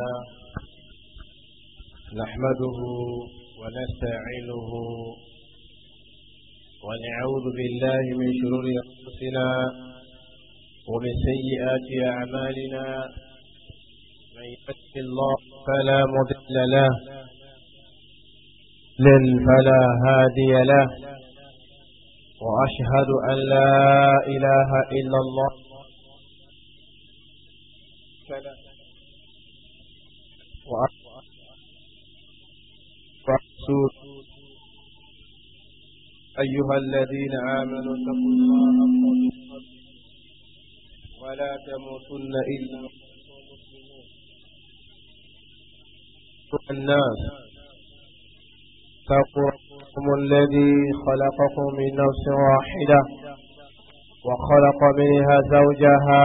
الله نحمده ونستعينه ونعوذ بالله من شرور أنفسنا ومن سيئات أعمالنا من يهده الله فلا مضل له من فلا هادي له وأشهد أن لا إله إلا الله وأرسول أيها الذين آمنوا اتقوا الله ولا تموتن إلا الناس ربكم الذي خلقكم من نفس واحدة وخلق منها زوجها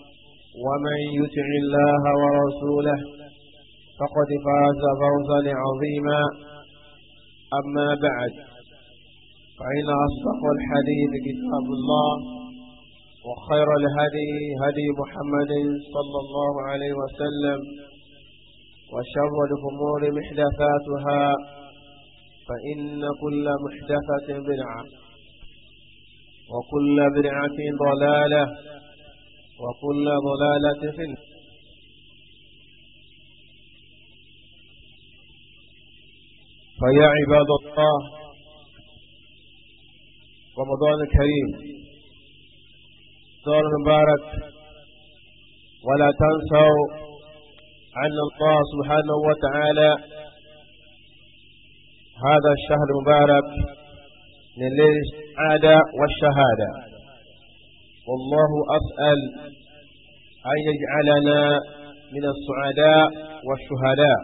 ومن يطع الله ورسوله فقد فاز فوزا عظيما أما بعد فإن أصدق الحديث كتاب الله وخير الهدي هدي محمد صلى الله عليه وسلم وشر الأمور محدثاتها فإن كل محدثة بدعة وكل بدعة ضلالة وكل ضلالة في فيا عباد الله رمضان الكريم دور مبارك ولا تنسوا أن الله سبحانه وتعالى هذا الشهر المبارك من السعادة والشهادة والله أسأل أن يجعلنا من السعداء والشهداء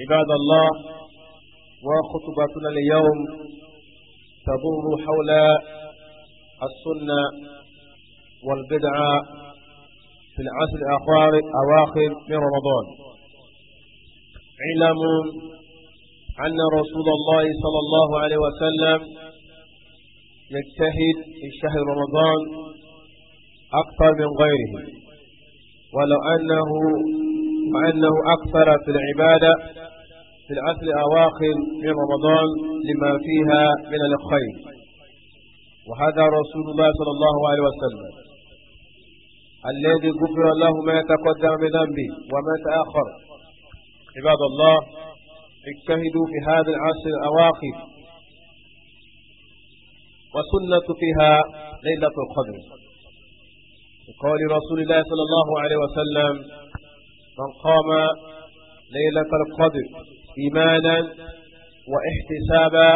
عباد الله وخطبتنا اليوم تدور حول السنة والبدعة في العصر الأخير أواخر من رمضان علموا أن رسول الله صلى الله عليه وسلم يجتهد في شهر رمضان أكثر من غيره ولو أنه وأنه أكثر في العبادة في العشر الأواخر من رمضان لما فيها من الخير وهذا رسول الله صلى الله عليه وسلم الذي غفر له ما تقدم من ذنبه وما تأخر عباد الله اجتهدوا في هذا العشر الأواخر وسنة فيها ليلة القدر وقال رسول الله صلى الله عليه وسلم من قام ليلة القدر إيمانا واحتسابا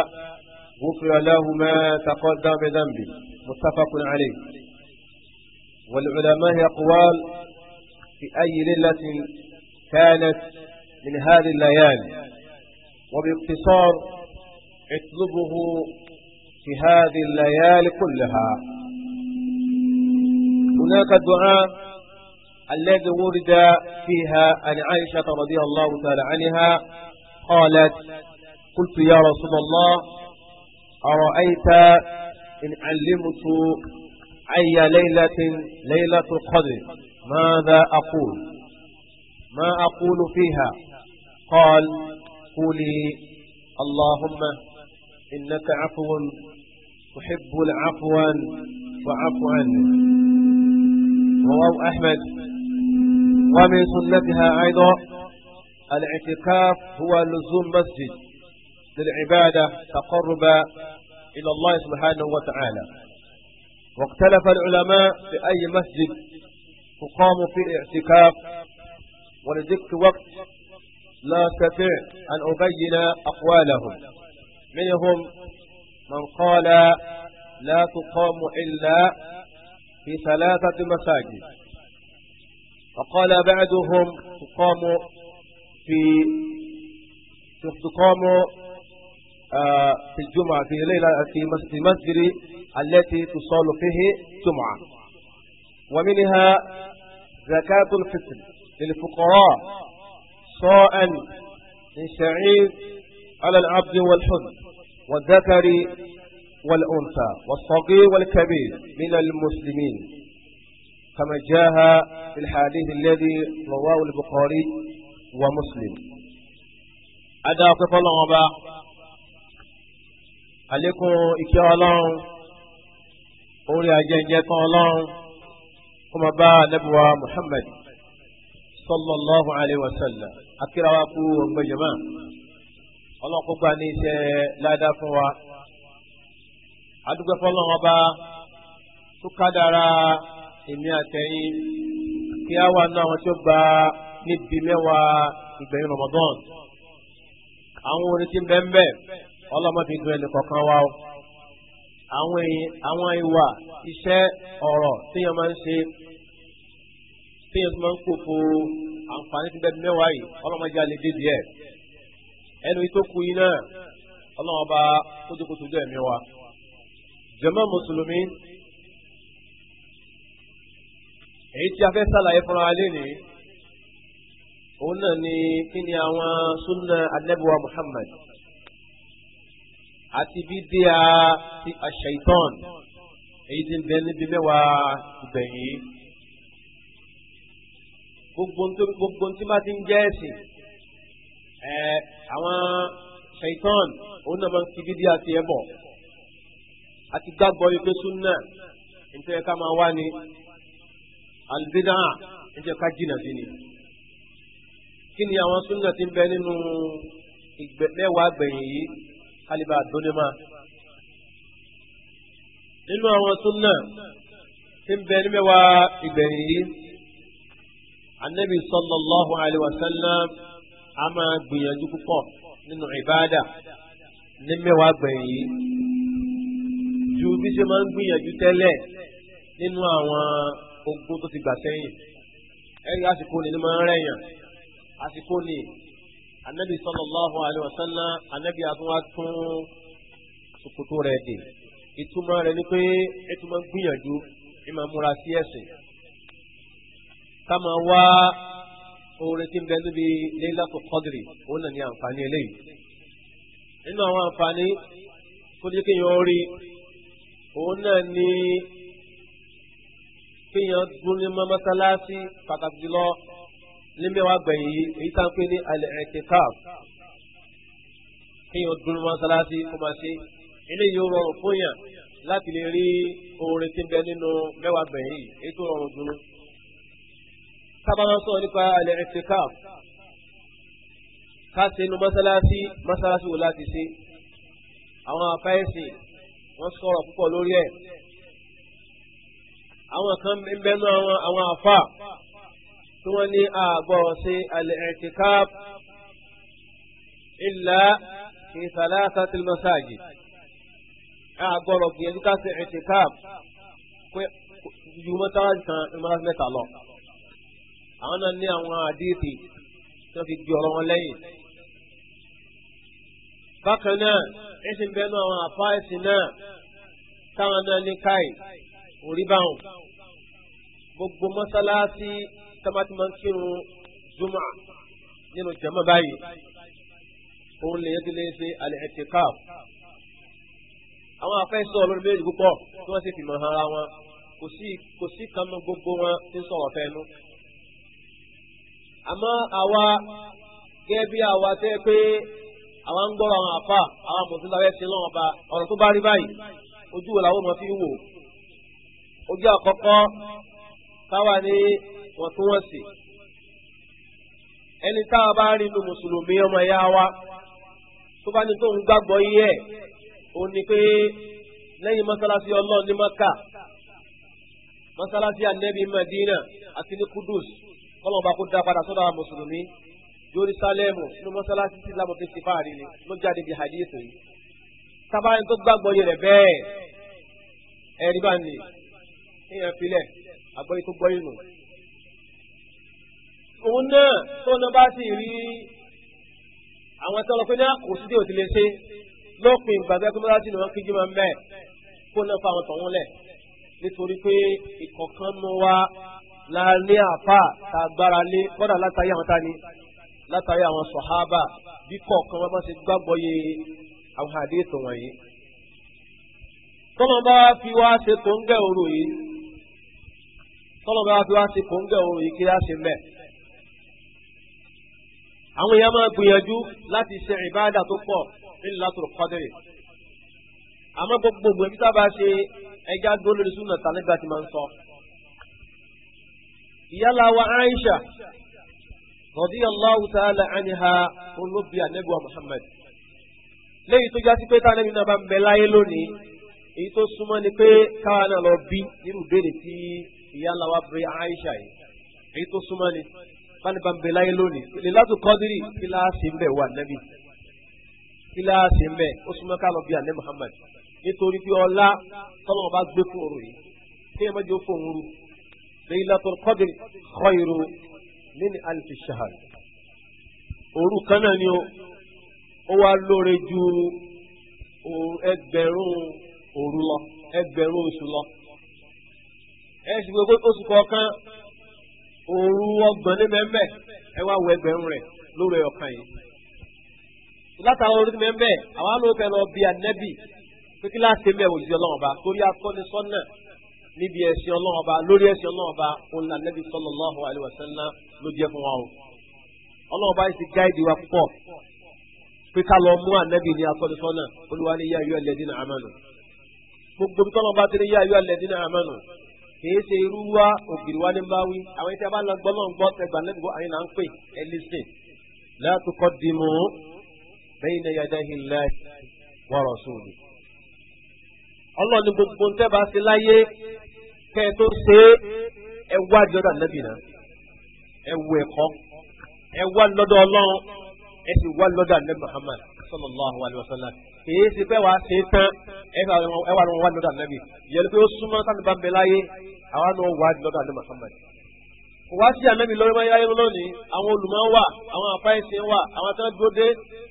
غفر له ما تقدم بذنبه متفق عليه والعلماء أقوال في أي ليلة كانت من هذه الليالي وباختصار اطلبه في هذه الليالي كلها هناك الدعاء الذي ورد فيها عن عائشة رضي الله تعالى عنها قالت قلت يا رسول الله أرأيت إن علمت أي ليلة ليلة القدر ماذا أقول ما أقول فيها قال قولي اللهم إنك عفو تحب العفو فعفو عنه رواه أحمد ومن سنتها أيضا الاعتكاف هو لزوم مسجد للعبادة تقرب إلى الله سبحانه وتعالى واختلف العلماء في أي مسجد تقام في الاعتكاف ولذلك وقت لا أستطيع أن أبين أقوالهم منهم من قال لا تقام إلا في ثلاثة مساجد وقال بعدهم تقام في تقام آه، في الجمعة في ليلة في مسجد التي تصال فيه جمعة ومنها زكاة الفطر للفقراء صاء من شعير على العبد والحزن والذكر والأنثى والصغير والكبير من المسلمين كما جاء في الحديث الذي رواه البخاري ومسلم أدى الله أبا عليكم إكيا الله أولي أجنجة الله كما باء نبوى محمد صلى الله عليه وسلم أكرا وأكو ومجمع ọlọ́kùn gba ní iṣẹ́ ládàá fún wa adúgbò fọlọ́n ọba tó kádàrá èmi àtẹ̀yìn kí á wà náà wọn tó gba níbi mẹ́wàá ìgbẹ̀yìn Ramadan àwọn orin tí ń bẹ́ ń bẹ́ ọlọ́mọdé dùn ẹnì kọ̀ọ̀kan wa o àwọn àwọn ìwà iṣẹ́ ọ̀rọ̀ téèyàn máa ń ṣe téèyàn tó máa ń kó fo àǹfààní tí ń bẹ́ mẹ́wàá yìí ọlọ́mọdé alẹ́ dé díẹ̀ ẹnu ìtókù yìí náà ọlọ́run ọba ó ti kó sojú ẹ̀mí wa jàmá mùsùlùmí èyí tí a fẹ́ sàlàyé fúnra wa lénìí òun náà ni kí ni àwọn súnà anábìwá Muhammad àti bídíà ti àṣàìtàn èyí tí ń bẹ níbi mẹ́wàá ìgbẹ̀yìn gbogbo tí máa ti ń jẹ́ ẹ̀sìn ẹ àwọn ṣèitán òun náà máa ń fi dídí àti ẹ bọ̀ àti gbàgbọ́ ipe súnà nítorí ẹ̀ka máa wá ní àlùbídà nítorí ẹ̀ka jìnnà sí ni kí ni àwọn súnà ti ń bẹ nínú mẹ́wàá gbẹ̀yìn yìí kálíbà dónímà nínú àwọn súnà tí ń bẹ ní mẹ́wàá ìgbẹ̀yìn yìí anabi sallallahu alayhi wa sallam a máa gbìyànjú púpọ̀ nínú ìbáàdà ní mẹ́wàá gbẹ̀yìn yìí ju bí ṣe máa ń gbìyànjú tẹ́lẹ̀ nínú àwọn ogún tó ti gbà sẹ́yìn ẹ̀rí àsìkò ni ni máa ń rẹ̀yàn àsìkò ni anabi sallallahu alayhi wa sallam anabi atúwàtún ṣòkòtò rẹ̀ dè ìtumọ̀ rẹ̀ ni pé ìtumọ̀ gbìyànjú ìmọ̀ múra sí ẹ̀sìn ká máa wá oore tí ń bẹ níbi lẹ́làtò kọ́dìrì òun náà ní àǹfààní eléyìí nínú àwọn àǹfààní tó jẹ́ kéèyàn rí òun náà ní kéèyàn dúró mọ́ mọ́sálásí pàtàkì jùlọ ní mẹ́wàá gbẹ̀yìn yìí èyí tá à ń pè ní al-i'tikaf kéèyàn dúró mọ́ mọ́sálásí kó máa ṣe eléyìí ó rọrùn fún yàn láti lè rí oore tí ń bẹ nínú mẹ́wàá gbẹ̀yìn yìí èyí tó rọrùn dúró sábàá sọ nípa alẹ́ ẹ̀tìká káṣe inú mọ́sálásí mọ́sálásí wò láti ṣe àwọn àfáìsì wọ́n sọ̀rọ̀ púpọ̀ lórí ẹ̀ àwọn kan ń bẹnu àwọn àwọn àfà tí wọ́n ní àgọ́ ṣe alẹ́ ẹ̀tìká ìlà ìsàlásà tí mọ́sáàjì àgọ́rọ̀ gbìyànjú káṣe ẹ̀tìká ju mọ́sálásí kan mọ́sálásí mẹ́ta lọ àwọn náà ní àwọn àdéhìtì tó fi gbé ọ̀rọ̀ wọn lẹ́yìn. bákan náà ẹ̀sìn bẹ́ẹ̀ náà àwọn àfa ẹ̀sìn náà táwọn náà ní káì orí báwọn gbogbo mọ́sálásí tamati máa ń kírun juma nínú jama báyìí òun lè yẹ́dí lè ṣe alẹ́ ẹ̀tẹ̀ àwọn afẹ́ sọ̀rọ̀ lórí méjì púpọ̀ tí wọ́n sì fi mọ̀ ara wọn kò sí kan mọ́ gbogbo wọn tí ń sọ̀rọ̀ fẹ́nu àmọ́ àwa gẹ́gẹ́ bí àwa tẹ́ pé àwa ń gbọ́ àwọn àfà àwọn mùsùlùmí lábẹ́ sí lọ́wọ́ ọba ọ̀rọ̀ tó bá rí báyìí ojú wo làwọn ọmọ fi ń wò ojú àkọ́kọ́ táwa ní wọ̀ntúnwọ̀nsì ẹni táwa bá rí inú mùsùlùmí ọmọ ẹ̀yà wa tó bá ní tó ń gbàgbọ́ yí ẹ̀ ní pé lẹ́yìn mọ́sálásí ọlọ́ọ̀ ní mọ́kà mọ́sálásí ànẹ́bí Madina àti ní Kudus kọ́lọ́n bá kó dá padà sọ́dọ̀ àwọn mùsùlùmí jerusalemu inú mọ́sálásí sí lábọ̀ fèsì fáàrí ni ló jáde bí hadith yìí sábàáyé tó gbàgbọ́ yẹrẹ bẹ́ẹ̀ ẹ̀rí bá nì èèyàn filẹ̀ àgbọ̀yé tó gbọ́ inú. òun náà tó náà bá sì rí àwọn tó lọ pé ní àkóso tí ò ti lè ṣe lópin ìgbàgbẹ́ pé mọ́sálásí ni wọ́n kíjú máa ń bẹ́ẹ̀ kó náà fa àwọn tọ̀hún lẹ̀ nítorí pé ìkọ̀kan mọ́ wa láàrin àfà tá a gbára lé kọ́dà látàrí àwọn tani látàrí àwọn sọ̀hábà bí kọ̀ọ̀kan wọn bá ti gbàgbọ́ yé àwọn hadith wọ̀nyí. tọ́lọ̀ bá fi wá ṣe tó ń gẹ̀ òru yìí tọ́lọ̀ bá fi wá ṣe tó ń gẹ̀ òru yìí kí á ṣe mẹ́. àwọn èèyàn máa gbìyànjú láti ṣe ìbáàdà tó pọ̀ nínú látòrò kọ́dìrì. àmọ́ gbogbo ìgbésí sábà ṣe ẹja dúró lórí ìyálà wa Aisha radiyallahu ta'ala anha olóbi anẹ́gbà Muhammad léyìí tó jásí pé tá anẹ́bí náà bá ń bẹ láyé lónìí èyí tó súnmọ́ ni pé káwa náà lọ bí nínú ìbéèrè Aisha yìí èyí tó súnmọ́ ni bá ń bẹ láyé lónìí lè látò kọ́dírì kí ń bẹ̀ wà nẹ́bí kí Muhammad nítorí pé ọlá tọ́lọ́mọba gbé fún òru yìí kí ẹ Laylatul Qadr khayru min alfi shahr òru kan náà ni ó ó wá lóore ju ẹgbẹ̀rún òru lọ ẹgbẹ̀rún oṣù lọ ẹ sì gbogbo oṣù kọ̀ọ̀kan òru ọgbọ̀n ní mẹ́mẹ́ ẹ wá wọ ẹgbẹ̀rún rẹ̀ lórí ọ̀kan yìí látàwọn orí mẹ́mẹ́ àwọn alóòkè lọ bí anẹ́bì pé kí láti mẹ́ òjì torí akọ́ni sọ́nà níbi ẹ̀sìn ọlọ́run ọba lórí ẹ̀sìn ọlọ́run ọba òun là nẹ́bí sallallahu alaihi ló jẹ́ fún wa o. ọlọ́run ọba yìí ti gáìdì wa púpọ̀ pé ká lọ mú ànẹ́bí ní akọ́nisọ́nà olúwa ní yáyọ alladhina amanu. gbogbo bí tọ́lọ́ba ti ní yáyọ alladhina amanu kìí ṣe irú wa ògiri wa ní àwọn abá lọ́gbọ́n gbogbo kẹ́ ẹ tó ṣe é ẹ wá jọ́dá nàbì náà ẹ wọ ẹ̀kọ́ ẹ wá lọ́dọ̀ ọlọ́run ẹ sì wá lọ́dọ̀ ànábì Muhammad sallallahu alayhi wa sallam kìí ṣe pé wàá ṣe tán ẹ wà lọ́wọ́ wá lọ́dọ̀ ànábì yẹn pé ó súnmọ́ sani bá ń bẹ láyé àwọn náà wà lọ́dọ̀ ànábì Muhammad kò wá sí ànábì lọ́wọ́ máa yáyé lónìí àwọn olùmọ̀ wà àwọn àfáìsìn wà àwọn tó ń dúró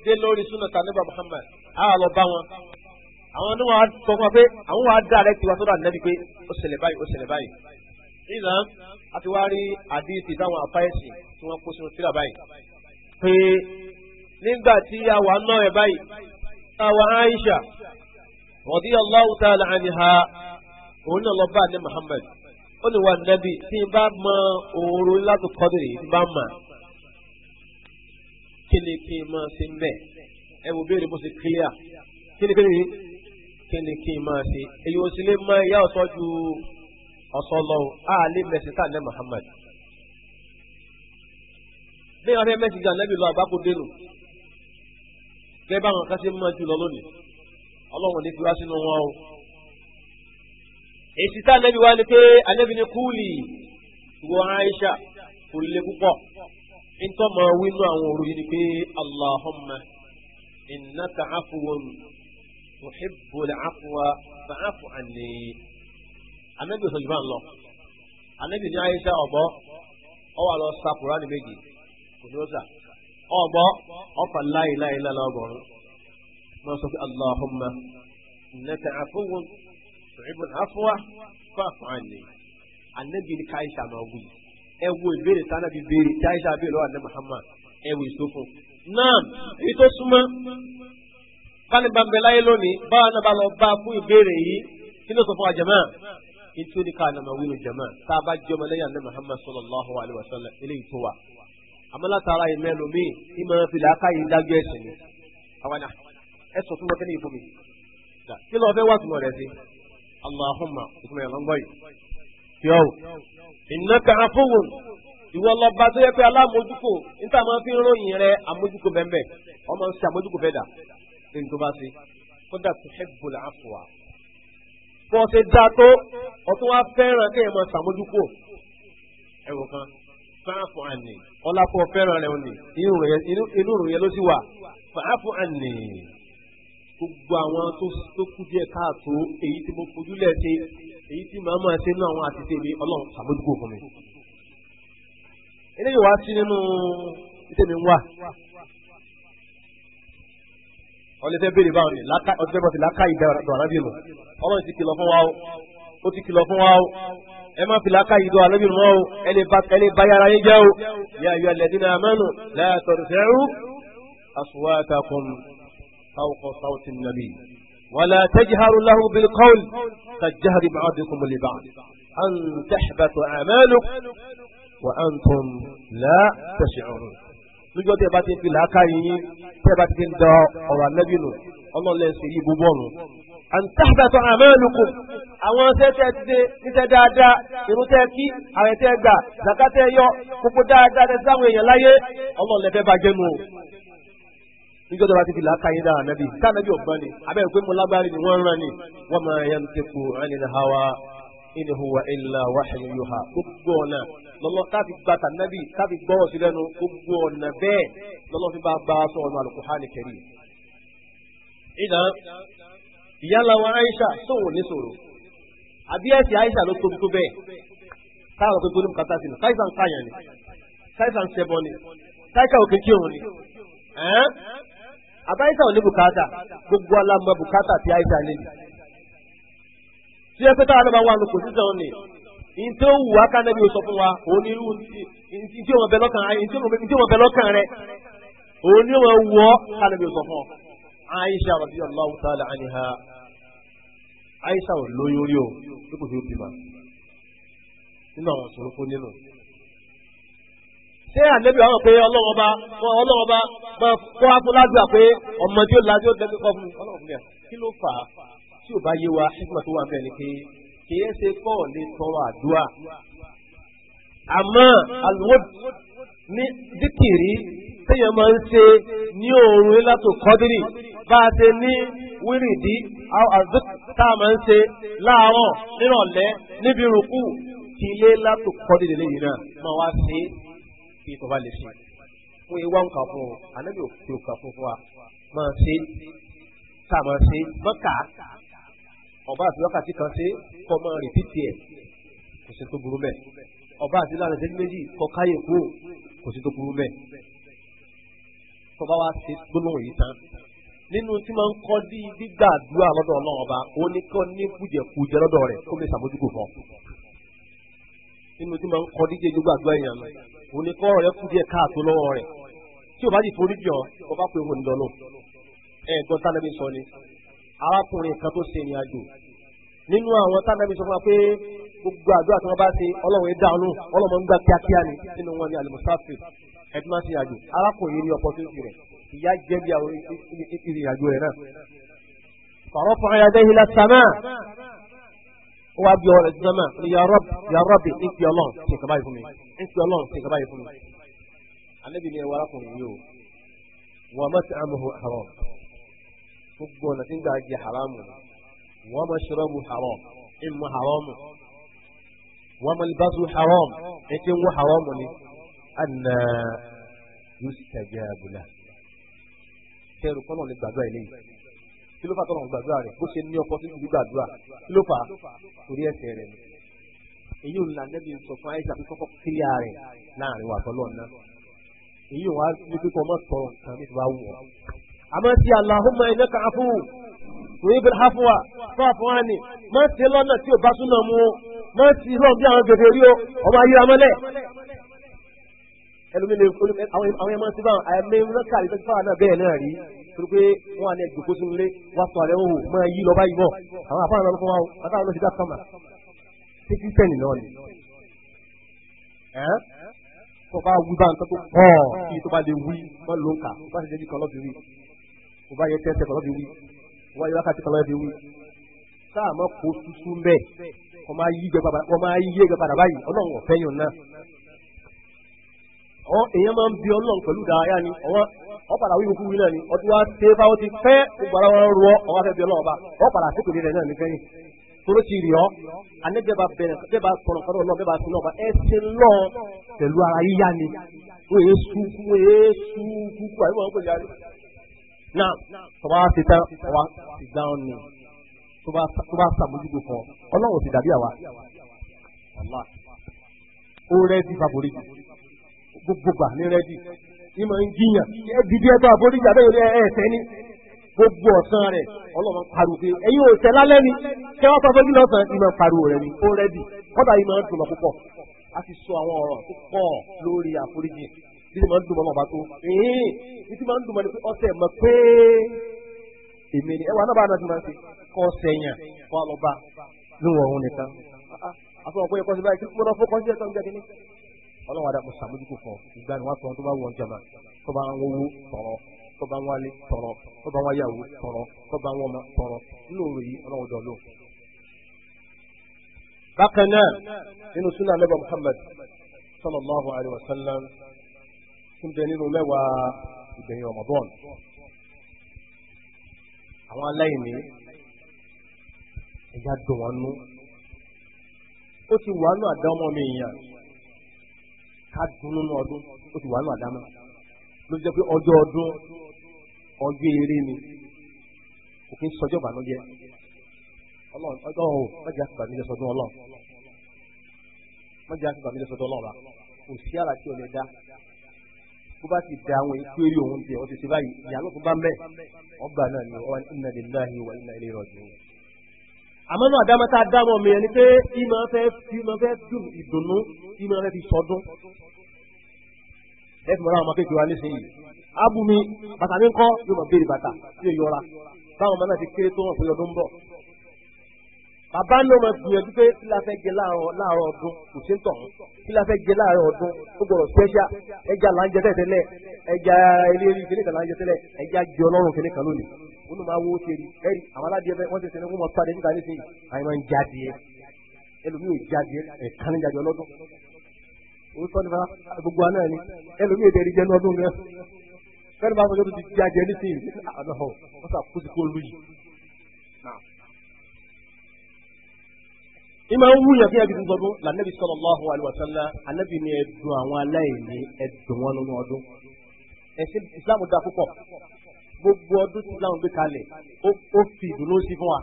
dé lórí súnà tànábì Muhammad á lọ bá wọn àwọn náà wàá sọ fún wa pé àwọn wàá dá rẹ tiwa sọ́dọ̀ ànábì pé ó ṣẹlẹ̀ báyìí ó ṣẹlẹ̀ báyìí nígbà a ti wá rí àdíyèsí táwọn àfáyèsí tí wọ́n kó sínú síra báyìí pé nígbà tí a wà náà rẹ báyìí àwa Aisha radiyallahu ta'ala anha òun náà lọ bá ní Muhammad ó ní wà nẹ́bí tí n bá mọ òru láti kọ́dù rèé bá mọ kí ni kí n mọ sí mbẹ ẹ wo béèrè kí ni kí n máa ṣe èyí ò sì lè mọ ìyá ọ̀sọ́ ju ọ̀sọ́ lọ àálẹ́ Muhammad bí wọn fẹ́ mẹ́sìtà nẹ́bí lọ àbákòdénù bẹ́ẹ̀ báwọn kan ṣe máa jù lọ lónìí ọlọ́run ní sínú wọn o èsì tá wá ni pé ni wọ Aisha kò le púpọ̀ nítorí wọn wínú àwọn òru yìí ni pé Allahumma أحب العفو فاعف عني النبي صلى الله عليه وسلم النبي ní Àìṣà ọ̀bọ ọ wà lọ sa Kùránì méjì kò ní ó sà ọ̀bọ ọ̀fà Ma ilaha Allah ọgọ́rùn wọ́n sọ pé Allahumma ka afuwwun tuhibbul afwa fa'fu anni ànábì ní káyíṣà máa wù yìí ẹ Muhammad Ewu wo ìsófún báni bá ń ba láyé lónìí báwa náà bá lọ bá fún ìbéèrè yìí kí ló sọ fún wa jàmáà nítorí ká nàmà wíwò jàmáà tá a bá Muhammad sallallahu alayhi wa sallam eléyìí tó wa amúlátara yìí mẹ́nu mi fi yìí dájú ni àwọn náà ẹ sọ fún kẹ́ni kí ló fẹ́ wá sí yìí ìwọ tó yẹ pé ní tó bá ṣe kódà tó ṣe gbòòlà àfọwà. bó ṣe dá tó ọtún wá fẹ́ràn kéèyàn máa ṣàmójúkò ẹ̀wọ̀ kan fáàfù àní ọlápọ̀ fẹ́ràn rẹ̀ òní inú ìròyìn ló sì wà fáàfù àní gbogbo àwọn tó kú díẹ̀ káàtó èyí tí mo fojú lẹ̀ ṣe èyí tí màá máa ṣe nínú àwọn àtìsí mi ọlọ́run ṣàmójúkò fún mi. eléyìí wá sí nínú ìtẹ̀mí wà ọlẹ́fẹ́ béèrè báwọn ni ọtí bọ́sì láká ìdọ̀ ànábì nù ọlọ́run ti kìlọ̀ fún wa o ó ti kìlọ̀ fún wa o ẹ má fi láká ìdọ̀ ànábì nù o ẹ lè bá yàrá yín jẹ́ o yà ayọ̀ alladhina amanu la tarfa'u aswatakum fawqa sawti an-nabi wala tajharu lahu bil qawl kajahri ba'dikum li ba'd níjọ́ tẹ́ bá ti fi làákà yín tẹ́ bá ti fi da ọ̀rọ̀ ànábì nù ọlọ́lẹ̀ ṣe yí búbọ̀ nù. àǹtàbàtàn àmẹ́lùkùn àwọn ṣẹ́ tẹ́ ti dé níṣẹ́ dáadáa irun tẹ́ kí ààrẹ tẹ́ gbà zàkà tẹ́ yọ gbogbo dáadáa tẹ́ sáwọn èèyàn láyé ọlọ́lẹ̀ fẹ́ bàjẹ́ nù. níjọ́ tẹ́ bá ti fi làákà yín dára ànábì káànábì ọ̀gbọ́n ni abẹ́rẹ́ pé mo lágbára ni wọ́n rán ni wọ́n máa yẹn hawa in huwa illa wahyu yuha gbogbo ọ̀nà lọ́lọ́ káfi gba tànàbí káfi gbọ́wọ́ sí lẹ́nu gbogbo ọ̀nà bẹ́ẹ̀ lọ́lọ́ fi bá bá a sọ ọ̀nà al-Qur'ani wa Aisha so ní soro àbí ẹ̀sìn Aisha ló tóbi tó bẹ́ẹ̀ táwọn tó tóbi kàtà sí ni káyísà ń káyà ni ni káyísà òkè kí ni àbáyísà ò ní bukata gbogbo alámọ bukata ti Aisha níbi. tí ẹ pé táwa bá wà lóko sísan ni ntí ó wù wá ká o sọ fún wa òun irú ntí ó mọ bẹ lọ́kàn rẹ ntí ó bẹ rẹ ká o sọ fún ọ. ta'ala o bí kò fi bímọ nínú àwọn ìṣòro kó nínú. ṣé ànábì àwọn pé ọlọ́wọ́ bá ọlọ́wọ́ tí ò bá yé wa hikma tó wà bẹ́ẹ̀ ni pé kìí ṣe kọ́ lè tọrọ àdúrà àmọ́ alwod ní díkìrí téèyàn máa ń ṣe ní òru látò kọ́dírì bá a ṣe ní wírìdí tá a máa ń ṣe láàárọ̀ nírọ̀lẹ́ níbi rúkú kí lé látò kọ́dírì lẹ́yìn náà máa wá ṣe kí ìtọ́ bá lè ṣe fún ewa ń kà fún ọ ànábì òkè òkà fún wa máa ṣe tá máa ṣe mọ́kà ọba àti wákàtí kan ṣe kọmọ rìpítì ẹ kò sí tó burú bẹ ọba àti lánà sẹni méjì kọ káyè kú kò sí tó burú bẹ tọba wa ṣe gbólóhùn yìí tán nínú tí máa ń kọ́ di gbígbàdúrà lọ́dọ̀ ọlọ́run ọba òun ni kọ́ ní kùjẹkùjẹ lọ́dọ̀ rẹ̀ kó lè ṣàmójúkò fún ọ nínú tí máa ń kọ́ díje gbígbàdúrà èèyàn lọ òun ni kọ́ ọ̀rẹ́ kùjẹ káàtó lọ́wọ́ rẹ̀ tí o bá ti forí jọ ọba pé òun ń dọ́nù ẹ̀ gbọ́n sálẹ́bí sọ ni arákùnrin kan tó ṣe ìrìn àjò nínú àwọn tánàbí sọ fún wa pé gbogbo àdúrà tí wọn bá ṣe ọlọ́run dáhùn ọlọ́run ń gbà kíákíá ni nínú wọn ni alimusafi ẹdínwá sí ìrìnàjò arákùnrin ní opportunity rẹ ìyá jẹ bí àwọn ìrìnàjò rẹ náà. fàrọ fún ayáde ilẹ̀ sàmà ó wá bí ọ̀rẹ́ sàmà ní ya ń pè ọlọ́run ṣe kaba yìí fún mi ń pè ọlọ́run ṣe kaba yìí fún mi. alẹ́ ni ẹ wọ arákùnrin yìí o wọ́n mọ̀ sí àmọ́ gbogbo ọ̀nà tí ń haramu mọ mashrabu haram ìmú haramu wa malbasu haram ètí ń wọ haramu ni anna yustajabu kẹrù kọ́nà ní gbàdúrà eléyìí kí ló fà tọ́nà gbàdúrà rẹ̀ bó ṣe ní ọkọ gbàdúrà kí ló fà torí ẹsẹ̀ rẹ̀ ni èyí ò ń la sọ fún àyíṣà kọ́kọ́ láàrin èyí ò wá tọrọ àmọ́ sí Allahumma innaka afuwwun tuhibbul afwa fún àfọwánì má sí lọ́nà tí ò bá súnà mu má sí lọ́n bí àwọn gèdè rí o ọmọ ayé amọ́lẹ̀ ẹlòmínú àwọn ẹmọ sí báwọn àyàmé rẹ́kà àti tẹ́sífà náà bẹ́ẹ̀ náà rí torí pé wọ́n á ní ẹgbẹ́ kóso nílé wọ́n á sọ àrẹ òhù máa yí lọ́ba yìí bọ̀ àwọn àfáà náà tó bá wí O bá yẹ tẹ́sẹ̀ kọ́ bí wí kò bá yẹ wákàtí kọ́ bí wí sáà má kó tuntun bẹ́ẹ̀ kọ́ máa yí jẹ padà kọ́ máa yí yé jẹ padà O ọlọ́run ọ̀fẹ́ yàn náà. ọ èèyàn máa ń bi ọlọ́run pẹ̀lú dáhàyà ni ọwọ́ o padà wí ikú wí o ni ọtí wá ṣe o ti fẹ́ gbogbo ara wọn rọ ọwọ́ afẹ́ bí ọlọ́run ọba a padà sí kòlè rẹ̀ náà nífẹ̀ẹ́ toro ti rí ọ ani bẹẹ bá bẹ̀rẹ̀ bẹẹ bá sọ̀rọ̀ kọdọ lọ bẹẹ bá sinọ ọba ẹ ti lọ ara yíyá ni wọn yé sunkún wọn yé sunkún kúkú àyè wọn kò yára náà ọba wa ti tán ọba ti dáhùn ni tó bá sàmójútó fún ọlọ́run ti dàbí àwa ó rẹ́ẹ̀dì fàbóríjì gbogbo gbà ní ní ma ń jiyàn gbogbo ọ̀sán rẹ̀ ọlọ́run pariwo ẹ̀yin ò lálẹ́ ni kẹ́ wọ́n sọ fún ìmọ̀ pariwo rẹ̀ ni ó kọ́dà ń lọ púpọ̀ a ti sọ àwọn bí ti máa ń dùn mọ́ ọba tó ẹ̀ẹ́n bí ti máa ń dùn mọ́ ni pé ọ̀sẹ̀ mọ̀ pé èmi ni ẹwà náà bá náà ti máa ń ṣe kọ́ ọ̀sẹ̀ yàn kọ́ ọlọ́ba níwọ̀n òun nìkan àfọwọ́ pé ẹ̀kọ́ sí báyìí mo lọ fún kọ́ńtì ẹ̀sán jáde ní. ọlọ́wọ́n adá mo sàmójúkò fún ọ ìgbà ni wọ́n sọ tó bá wọ̀ jama tó bá ń wọ́wọ́ tọ̀rọ̀ tó bá ń wálé tọ̀rọ̀ tó bá ń wáyàwó tọ̀rọ̀ tó bá ń wọ́mọ tọ̀rọ̀ sunnah Ànábì Muhammad sallallahu alayhi wa tí ń bẹ nínú mẹ́wàá ìgbẹ̀yìn ọ̀mọ̀bọ́n àwọn aláìní ẹ̀yà dùn wọn nú ó ti wà nù àdámọ́ mi yàn ká dùn nínú ọdún ó ti wà nù àdámọ́ ló jẹ́ pé ọjọ́ ọdún ọjọ́ eré ni kò kí ń sọjọ́ ìbànújẹ́ ọlọ́run ọjọ́ ò mọ̀jẹ́ àti ìbànújẹ́ sọdún ọlọ́run mọ̀jẹ́ àti ìbànújẹ́ sọdún ọlọ́run wa kò sí àrà tí bó bá ti da àwọn ètò eré òun jẹ ọtí ti báyìí ìyàlọ́ tó bá mẹ́ ọgbà náà ni ọwọ́ inna lillahi wa inna ilayhi raji'un. àmọ́ náà àdámọ́tá dámọ̀ mi ẹni pé ìmọ̀ fẹ́ ìmọ̀ fẹ́ dùn ìdùnnú ìmọ̀ fẹ́ fi sọdún. ẹ fi mọ̀ láwọn ọmọ kékeré wa nísìnyí bàbá náà máa gbìyànjú pé kí la fẹ́ jẹ láàárọ̀ ọdún kò sí ń tọ̀ kí la fẹ́ jẹ láàárọ̀ ọdún ó gbọ́dọ̀ sí ẹja ẹja là ń jẹ tẹ́tẹ́lẹ̀ ẹja eléyìí kìnìún kan là ń jẹ tẹ́lẹ̀ ẹja jẹ ọlọ́run kìnìún kan lónìí wọn máa wo ṣe rí ẹrí àwọn aládìẹ fẹ wọn ti sẹni wọn máa padà níta ní sèyí àyè máa ń jáde ẹlòmíì ò jáde ẹ̀ka ní jáde ọlọ́dún o sọ nípa gbogbo àná ni ẹlòmíì ò tẹ̀rí jẹ́ lọ́dún rẹ fẹ́ẹ́ bá fọjọ́ ti jáde ní sèyí àná ọ̀ wọ́n sà kó ti kó lù yìí ìmọ̀ ń wúyàn kí ẹbí ti sọdún lànàbí sallallahu alaihi wasallam ànàbí ni ẹdùn àwọn aláìní ẹdùn wọn nínú ọdún ẹ̀sìn Islam da púpọ̀ gbogbo ọdún tí Islam gbé kalẹ̀ ó fi ìdùnnú sí fún wa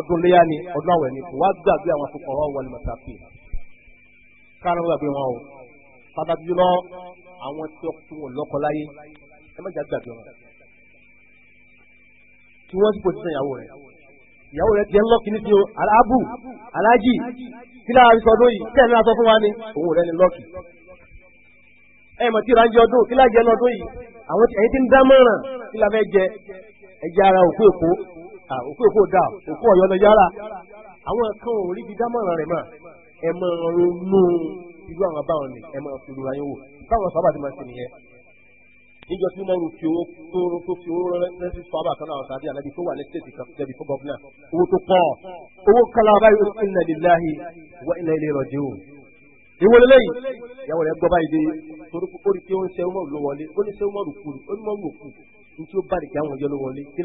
ọdún léyà ni ọdún àwẹ̀ ni kò wá gbàgbé àwọn fuqara wal masakin káàánú gbàgbé wọn o pàtàkì jùlọ àwọn tí wọn lọ́kọ láyé ẹ e má jà gbàgbé wọn kí wọ́n sì pòsíṣàn ìyàwó rẹ̀ ìyàwó rẹ̀ tiẹ̀ ń lọ́ọ̀kì ní ti o alábù alájì kí lára fi sọdún yìí kí ẹ̀ fún wa ni òun rẹ̀ ni lọ́ọ̀kì. ẹ mọ̀ tí ìrà jẹ ọdún lájẹ lọ́dún yìí àwọn ẹ̀yin tí ń dá mọ́ràn la fẹ́ jẹ ẹjẹ ara òkú èkó òkú èkó dà òkú ọ̀yọ́ lọ yára àwọn kan ò rí rẹ̀ mà ẹ mọ̀ irú níjọ tí umaru fi owó tóoró tó fi owó rẹ sí fún abàkan náà sàdí ànábi tó wà ní stéètì kan jẹbi fún gọvnà owó tó pọ̀ owó kala báyìí ó inna lillahi wa inna ilayhi raji'un. ìwọ lélẹyìn ìyàwó rẹ gbọ́ báyìí dé torí kó orí tí ó ń ṣe umaru ló wọlé ó ní ṣe umaru kú ni ó ní umaru kú ní tí ó bá nìkan kí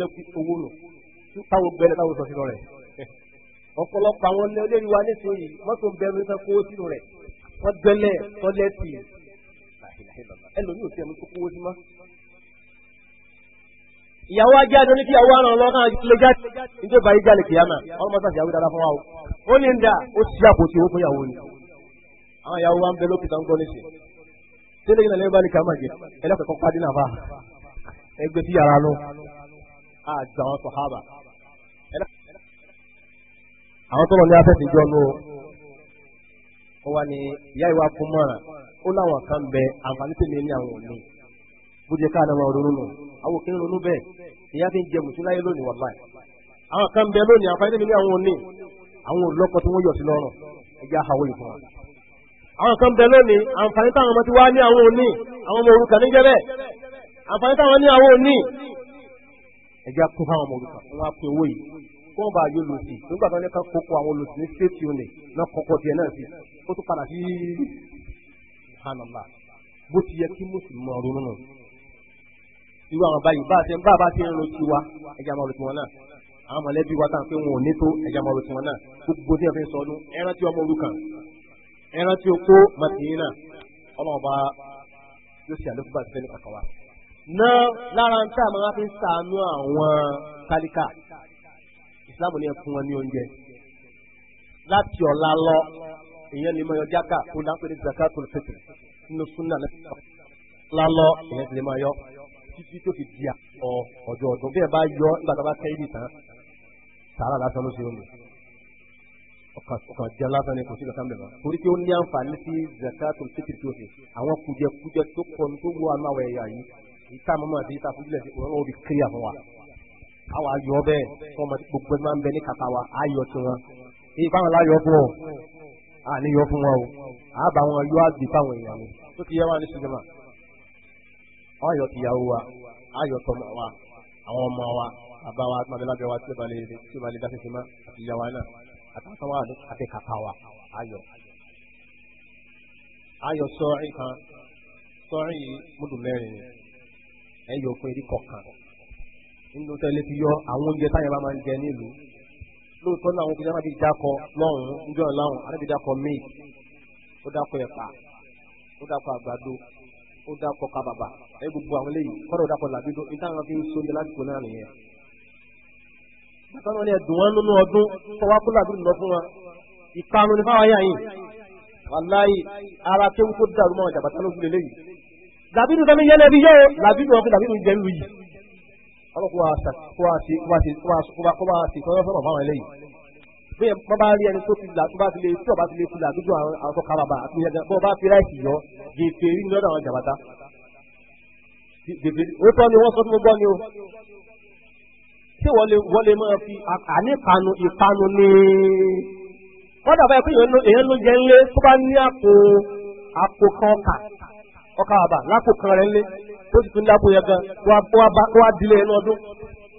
àwọn olórí ẹlòmíì ò tiẹ̀ mú kókó wọ́n sí mọ́. ìyàwó ajé adé ní kí ìyàwó àrùn ọlọ́kàn lè jáde níjẹ́ báyìí jáde kìyàmà ọlọ́mọ sàṣì àwọn dáadáa fún wa o. ó ní ń dà ó ti àpò tí ó fún ìyàwó ni. àwọn ìyàwó wa ń bẹ lókè tán gbọ́ níṣẹ́. lẹ́yìn bá ní kàmá jẹ ẹlẹ́kọ̀ọ́kọ́ náà ẹgbẹ́ sí yàrá ó wá ní ìyá ìwà fún mọ́ra ó láwọn kan bẹ àǹfààní tèmi ní àwọn òní bó jẹ káàdà wọn ronú nù àwọn òkè ronú bẹ́ẹ̀ ìyá fi ń jẹ mùsùlùmí láyé lónìí wà báyìí àwọn kan bẹ lónìí àǹfààní tèmi ní àwọn òní àwọn olóko tí wọn yọ sí lọ́rùn ẹjẹ àwọ ìfọ àwọn kan bẹ lónìí àǹfààní táwọn ọmọ ti wá ní àwọn òní àwọn ọmọ òrukàn níjẹ bẹ́ẹ̀ àǹfààní táwọn ní àwọn òní ẹjẹ ó tún padà sí subhanallah bó ti yẹ kí mùsùlùmí máa ronú nù. irú àwọn báyìí bá a ti bá a bá ti ń ro tiwa ẹja máa ro tiwọn náà àwọn mọ̀lẹ́bí wa tàn pé wọn ò ní tó ẹja máa ro tiwọn náà gbogbo tí wọ́n fi ẹran tí ọmọ olùkàn ẹran tí o kó màtìyìn náà ọlọ́ọ̀bá yóò ṣe àlékún bá ti fẹ́ ní kàkà wa. ná lára ń tà máa fi ń sàánú àwọn tálíkà ìsìláàmù ni ẹ fún wọn ní oúnjẹ láti ọ̀la lọ èèyàn lè máa yọ jáka kó dáńpé ní zakatul fitr nínú súnà lálọ́ èèyàn ti lè máa yọ títí tó fi di ọ ọjọ́ ọdún bí ẹ bá yọ nígbà tó bá kẹ́ ibi tán sàrà lásán ló ṣe omi ọkàn jẹ lásán ni kò sí kankan bẹ̀rẹ̀ torí pé ó ní àǹfààní sí zakatul fitr tó ṣe àwọn kùjẹkùjẹ tó kọ ní tó wọ àwọn àwọn ẹ̀yà yìí ìta mọ́mọ́ àti ìta fújúlẹ̀ sí òun ó fi kiri àwọn wa àwọn ayọ̀ bẹ́ẹ̀ ọmọ gbogbo máa ń bẹ ní kàkà wa ayọ̀ tiwọn èyí fáwọn láyọ̀ bọ̀ a yọ fún o a bá wọn yọ àgbè fáwọn èèyàn ni tó ti yẹ wọn ní sinimá wọn wa a yọ tọmọ wa àwọn ọmọ wa bàbá wa tó abẹ́lábẹ́ wa tí ó bá lè wa àtàwọn àti kàkà wa a Ayọ a sọ́ọ̀rì kan sọ́ọ̀rì yìí múdù mẹ́rin ẹ yọ fún eré nínú tẹ́lẹ̀ yọ àwọn oúnjẹ táyà bá máa lóòótọ́ náà àwọn kìlọ̀ náà bí dákọ̀ lọ́hùn níjọ́ láhùn àná bí dákọ̀ míì ó dákọ̀ ẹ̀pà ó dákọ̀ àgbàdo ó dákọ̀ kábàbà ẹ gbogbo àwọn eléyìí kọ́dọ̀ ó dákọ̀ làbídó ní táwọn fi ń so ní lásìkò náà nìyẹn. bàtà wọn ni ẹ̀dùn wọn nínú ọdún tọwọ́ kó làbídó lọ fún wa ìpanu ní fáwọn ayáyìn wàláyé ara kéwú tó dàrú mọ́ àjàbàtà ló fi lè léyìí làbídó tó ní yẹlẹ bí yẹ làbídó wọn fi làbídó jẹ lù yìí ọlọ́kó wa sì tọ́jọ́ sọ̀rọ̀ fáwọn eléyìí bí wọ́n bá rí ẹni tó ti là tó bá ti lè tó bá ti lè ti là dúdú àwọn tó kábàbà àti ìyàgbẹ́ bọ́ọ̀ bá fi ráìsì yọ gèfè rí lọ́dọ̀ àwọn jàbátá gèfè ó tọ́ ni wọ́n sọ fún mi gbọ́ ni o ṣé wọ́n lè wọ́n lè máa fi àníkanu ìpanu ní kọ́dà báyìí pé èèyàn ló jẹ́ ńlé tó bá ní àpò àpò kan ọkà ọkà bàbà lápò kan rẹ̀ ńlé ó sì tún lápò yẹn gan kó wá dilé ẹnu ọdún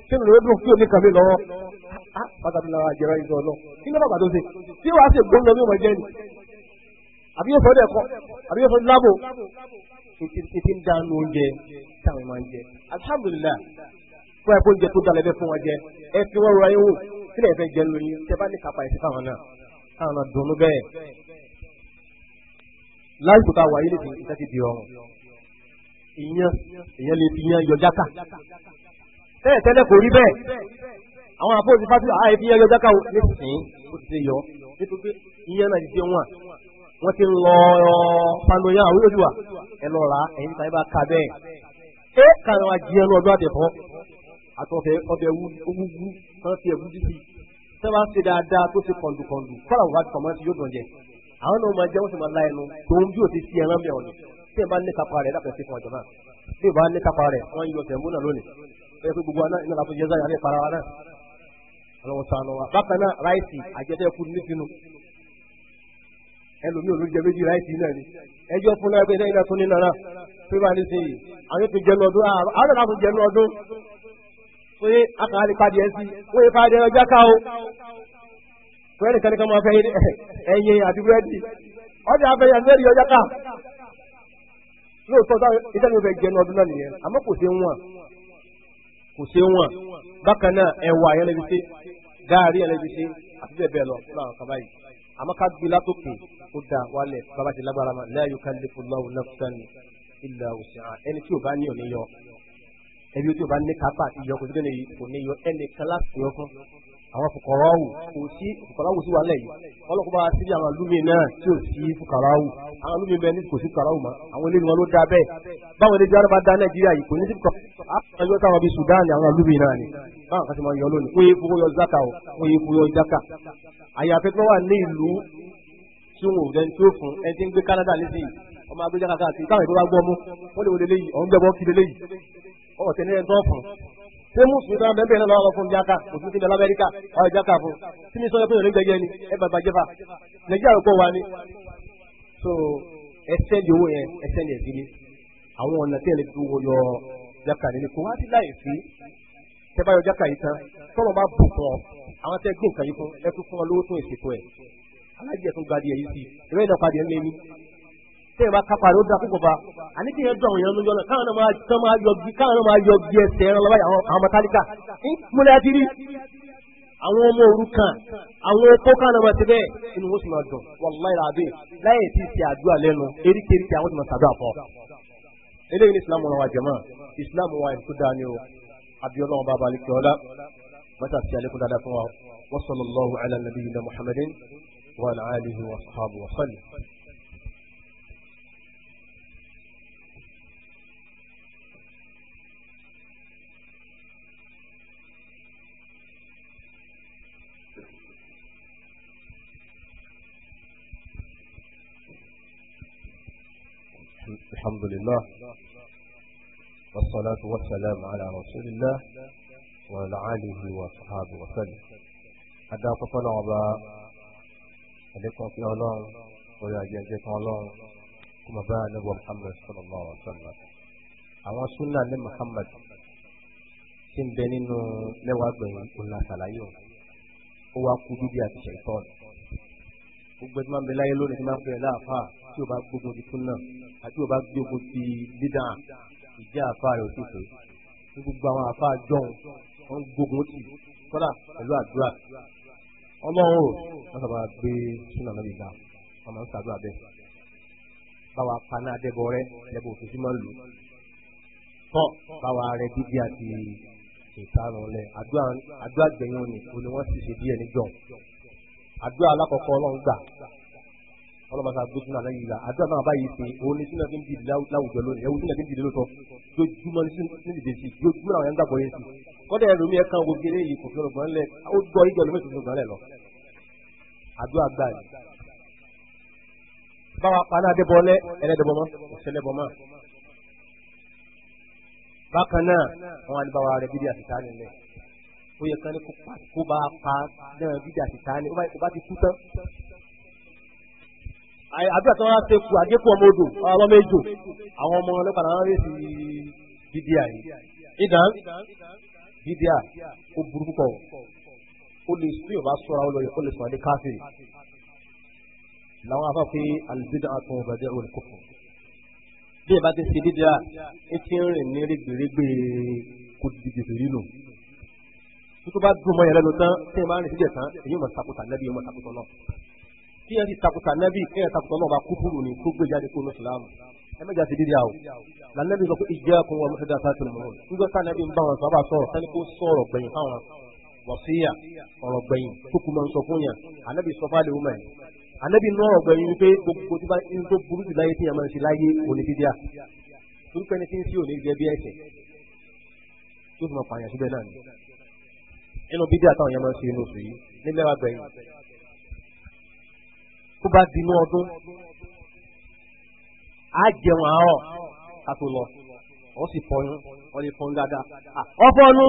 kí ni lóyún kí o ní kàmí lọ́wọ́ bàtà ah, mi làwọn àjẹrà ìjọ náà kí ni bàbá tó ṣe tí wàá ṣe gbóngàn mi ò mọ jẹ ni àbí yóò sọ ọdẹ kọ àbí yóò sọ lábò ètí ń dánú oúnjẹ táwọn máa ń jẹ alhamdulillah fún ẹkún oúnjẹ tó dalẹ̀ bẹ́ẹ̀ fún wọn jẹ ẹ fi wọn rọ ayé wò sílẹ̀ ẹ̀fẹ́ jẹ lóyún tẹ bá ní kápá ẹ̀sìn fáwọn náà káwọn náà dùnú bẹ́ẹ̀ lásìkò tá a wà yìí lè fi ìṣẹ́ ti di ọrùn ìyẹn ìyẹn lè fi yẹn yọ jáká bẹ́ẹ̀ tẹ́lẹ̀ kò rí bẹ́ẹ̀ àwọn àpòsí fásitì àá fi yẹn yọ jáká o ní sìn ó ti yọ nítorí ìyẹn náà ti fi wọn wọn ti lọ panoyan àwọn olóṣùwà ẹ lọ rà ẹyin tàbí bá ka bẹ́ẹ̀ ẹ kàrọ àjẹyàn ní ọdún àtẹfọ àtọfẹ ọbẹ wúwú kan fi ẹwú dídì sábà ṣe dáadáa tó ṣe kọ̀ǹdùkọ̀ǹdù kọ́ra wà kọ̀mọ́tì yóò dùn jẹ àwọn náà máa jẹ́ wọ́n sì máa la ẹnu tòun bí ò ti fi ẹran mẹ́ọ̀nù tí ẹ bá ní kápá rẹ̀ lápẹ̀ sí fún ọjọ́ náà tí ẹ bá ní kápá rẹ̀ wọ́n yọ tẹ̀mú náà lónìí ẹ pé gbogbo aná iná láti yẹza yàrá ni fún náà iná ní nana bá ní sèyí àwọn ètò jẹnu ọdún àwọn jẹnu ọdún akàlí padì ẹ sí yẹ padì ẹ ká o ní ká máa ẹyin àti lóòótọ́ ìtàn yóò fẹ́ jẹnu ọdún náà nìyẹn àmọ́ kò ṣe ń wọ̀n kò ṣe ń wọ̀n bákan náà ẹ̀wà yẹn lè fi ṣe gaari yẹn lè fi ṣe àti bẹ́ẹ̀ bẹ́ẹ̀ lọ fún àwọn kaba yìí àmọ́ ká gbé látòkè ó da wálẹ̀ bàbá ti lágbára ma la yukallifullahu nafsan illa wus'aha ẹni tí ò bá ní òní yọ ẹbí tí ò bá ní kápá àti yọ kò sí òní yọ ẹni kálá àwọn fukarawu kò sí fukarawu sí wàhálà yìí ọlọ́kùnrin bá ti di àwọn alúmi náà tí ò sí fukarawu àwọn olómi bẹ ní kò sí kàrà òmà àwọn olómi wọn ló da bẹ́ẹ̀ báwọn ilé jáde bá da nàìjíríà yìí kò ní sí kọ àwọn yóò táwọn bíi Sudan àwọn olómi náà ni báwọn kan ti máa yọ lónìí kó yẹ fowó yọ zaka o kó yẹ fowó yọ zaka àyàfẹ́ tó wà ní ìlú tí wọn ò dẹni tó fún ẹni tí ń gbé Canada nísìnyí ọmọ agbẹjọ kaka àti táwọn ìlú wa gbọ́ mú wọn lè wọlé léyìí ọ̀hún gbẹbọ kí léyìí ọwọ́ tẹ̀lé ẹni tó fún ṣé mùsùlùmí tó ń bẹ́ẹ̀ bẹ́ẹ̀ lọ́wọ́ fún jáka òfin síbi Amẹ́ríkà ọ̀rọ̀ jáka fún tí mi ni ẹ bàbá jẹfà Nàìjíríà ló kọ́ wa ni so ẹsẹ̀ ní owó yẹn ẹsẹ̀ ní ẹ̀dínlẹ̀ àwọn ọ̀nà tí ẹ̀lẹ́ fi wọ́n yọ jaka nínú kò wá sí láì sí tẹ́ bá yọ jaka yìí tán tọ́lọ̀ bá bù fún ọ àwọn tẹ́ gbé nǹkan yìí fún ẹ tún fún ọ lówó tún ìsìnkú ẹ̀ alájẹ tún gbadìẹ yìí sí ìwé ìdọ̀ka diẹ mẹ́ni tẹ́ ẹ bá kápá rẹ̀ ó dá púpọ̀ bá àní kí yẹn dùn àwọn èèyàn lójú ọ̀nà káwọn náà máa yọ bí ẹsẹ̀ ẹran lọ́wọ́ àwọn mọ̀tálíkà múlẹ̀ àti rí àwọn ọmọ òrukàn àwọn opó kánàmà ti bẹ́ẹ̀ inú wọn sì máa dùn wàláì ràbí láyé tí ṣe àdúrà lẹ́nu eríkèéríkèé àwọn sì máa ṣàdúrà fọ́. eléyìí ní islam wa jẹ̀mọ́ islam wa ẹ̀kú dáa o abiola wọn bàbá alikẹ́ ọ̀la mọ́tà sí alẹ́kùn dáadáa fún wa wa sallallahu ala nabiyyina muhammadin wa ala alihi wa sahabu wa الحمد لله والصلاة والسلام على رسول الله وعلى آله وصحبه وسلم أدعى طفلا وبا عليكم في الله ويا جاجك الله كما بقى نبو محمد صلى الله عليه وسلم àwọn súnà ní Muhammad tí ń bẹ nínú mẹ́wàá gbẹ̀yìn ìpínlẹ̀ àṣàlàyé ó wá kú bíbí àti ṣẹ̀tọ́n gbogbo ẹni máa ń bẹ láyé lónìí tí máa ń bẹ láàfáà tí ò bá gbógun ti fún náà àti òbá gbógun ti dídá ìjà àfa rẹ̀ òtítọ́ ní gbogbo àwọn àfa àjọhún wọn gbógun tì kọ́dà pẹ̀lú àdúrà ọlọ́run ò lọ́sọ̀ bá gbé súnà náà nígbà wọn máa ń sàdúrà bẹ́ẹ̀ báwa paná adébọ rẹ lẹ́bùn òfin sí máa ń lò tọ́ báwa rẹ dídí àti ìkarùn lẹ àdúrà gbẹ̀yìn òní òní wọ́n sì ṣe díẹ̀ níjọ́ àdúrà alákọ̀ọ́kọ́ ọlọ́run gbà ọlọ́mọta gbósùn náà lẹ́yìn ìlà àdúrà náà báyìí ṣe òun ni sínú ẹ̀fín dìde láwùjọ lónìí ẹ̀wù sínú ẹ̀fín dìde lóòótọ́ lójúmọ́ ní sínú dìde sí lójúmọ́ àwọn ẹ̀ńdàgbọ́ yẹn sí kọ́dà ẹ̀rọ mi ẹ̀ka gbogbo eléyìí kò fẹ́ràn gan lẹ̀ ó gbọ́ ìjọ lómi tuntun gan lẹ̀ lọ. àdúrà gbà yìí báwa paná adébọlẹ ẹlẹdẹbọmọ ọsẹlẹbọmọ bákan náà wọn á ní báwa rẹ bíbí àtìtá nílẹ̀ ó yẹ kán ní kó bá pa náà bíbí àtìtá ní ó bá ti kú tán àdúrà tí wọ́n ṣe kú àgékù ọmọ odò ọmọ méjò àwọn ọmọ ọlọ́pàá náà rẹ̀ sí bídíà yìí ìdán bídíà ó burú púpọ̀ ó lè sí ọba sọ́ra ó lọ yẹ kó lè sọ̀rọ̀ ní káfíìn làwọn afa pé alùbídà àtọ̀ ọ̀bàjẹ́ olùkókò bí ẹ bá ti ṣe bídíà ẹ ti ń rìn ní rẹ́gbẹ̀rẹ́gbẹ̀ kó dìde bèrè nù tó bá dùn mọ́ yẹn lẹ́nu tán tẹ́ ẹ máa ń rìn síbẹ̀ tán èyí mọ̀ sàkóso àlẹ́bí yẹn mọ̀ sàkóso náà kí ẹ ti takuta nẹ́bí kí ẹ takuta náà bá kúkúrú ni tó gbé jáde kó ní Islam ẹ mẹ́jà ti dídí àwọn lànàbí sọ pé ìjẹ́ ẹkùn wọn mọ́tẹ́dá sáàtì mọ́ nígbà tá nẹ́bí ń bá wọn sábà sọ̀rọ̀ sani kó sọ̀rọ̀ gbẹ̀yìn fáwọn wọ̀síyà ọ̀rọ̀ gbẹ̀yìn tó kù máa ń sọ fún yàn ànábì sọ fáàlì wọ́n mẹ́rin ànábì nú ọ̀rọ̀ gbẹ̀yìn wípé gbogbo tí bá ń tó burú jù láyé tí yàn ni inú bídí tó bá dinú ọdún á jẹun àárọ̀ kátó lọ wọ́n sì fọyún wọ́n lè fọyún dáadáa. ọfọnu